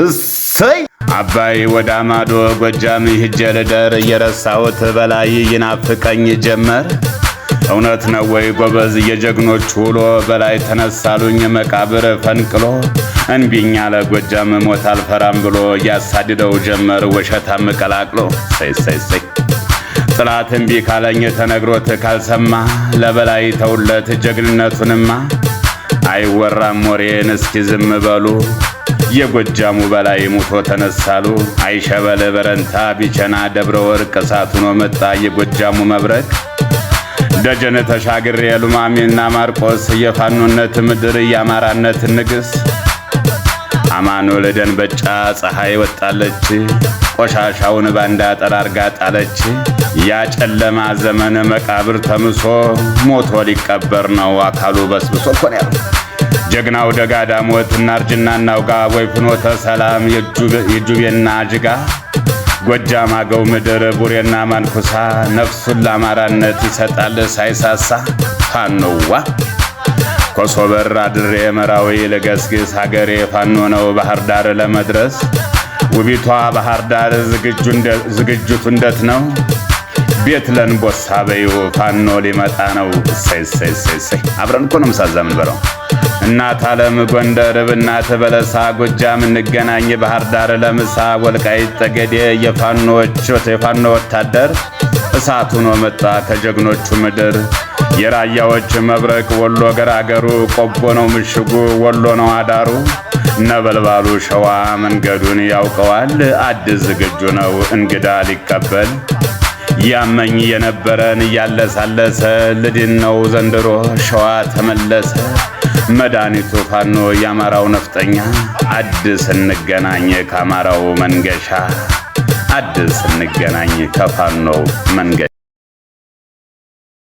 እሰይ አባይ ወደ አማዶ ጎጃም ሂጄ ልደር እየረሳሁት በላይ ይናፍቀኝ ጀመር። እውነት ነው ወይ ጎበዝ የጀግኖች ውሎ በላይ ተነሳሉኝ መቃብር ፈንቅሎ እንቢኛ ለጎጃም ሞት አልፈራም ብሎ ያሳድደው ጀመር ወሸታም ቀላቅሎ ሰይ ሰይ ሰይ ጥላት እምቢ ካለኝ ተነግሮት ካልሰማ ለበላይ ተውለት ጀግንነቱንማ አይወራም ወሬን እስኪ ዝም በሉ የጎጃሙ በላይ ሙቶ ተነሳሉ። አይሸበል በረንታ ቢቸና ደብረ ወርቅ እሳት ሆኖ መጣ የጎጃሙ መብረቅ። ደጀነ ተሻግር የሉማሜና ማርቆስ የፋኖነት ምድር የአማራነት ንግሥ አማኑኤል ደንበጫ ፀሐይ ወጣለች፣ ቆሻሻውን ባንዳ ጠራርጋ ጣለች። ያጨለማ ዘመን መቃብር ተምሶ ሞቶ ሊቀበር ነው አካሉ በስብሶ እኮ ነው ጀግናው ደጋ ዳሞት እናርጅና እናውጋ ወይ ፍኖተ ሰላም የጁቤና ጅጋ ጎጃም አገው ምድር ቡሬና ማንኩሳ ነፍሱን ለአማራነት ይሰጣል ሳይሳሳ ፋኖዋ ኮሶበር አድሬ መራዊ ልገስግስ ሀገሬ ፋኖ ነው ባህር ዳር ለመድረስ ውቢቷ ባህር ዳር ዝግጅቱ እንደት ነው? ቤት ለንቦሳ በዩ ፋኖ ሊመጣ ነው። እሰይ እሰይ እሰይ አብረን እኮ ነው ምሳዛ ምንበረው እናት አለም ጎንደር፣ ብናት በለሳ ጎጃም እንገናኝ፣ ባህር ዳር ለምሳ ወልቃይት ጠገዴ የፋኖ ወታደር እሳት ሆኖ መጣ ከጀግኖቹ ምድር። የራያዎች መብረቅ ወሎ ገራገሩ፣ ቆቦ ነው ምሽጉ፣ ወሎ ነው አዳሩ። ነበልባሉ ሸዋ መንገዱን ያውቀዋል፣ አዲስ ዝግጁ ነው እንግዳ ሊቀበል። ያመኝ የነበረን እያለሳለሰ ልድን ነው ዘንድሮ ሸዋ ተመለሰ። መድኃኒቱ ፋኖ የአማራው ነፍጠኛ አዲስ እንገናኝ ከአማራው መንገሻ አዲስ እንገናኝ ከፋኖ መንገሻ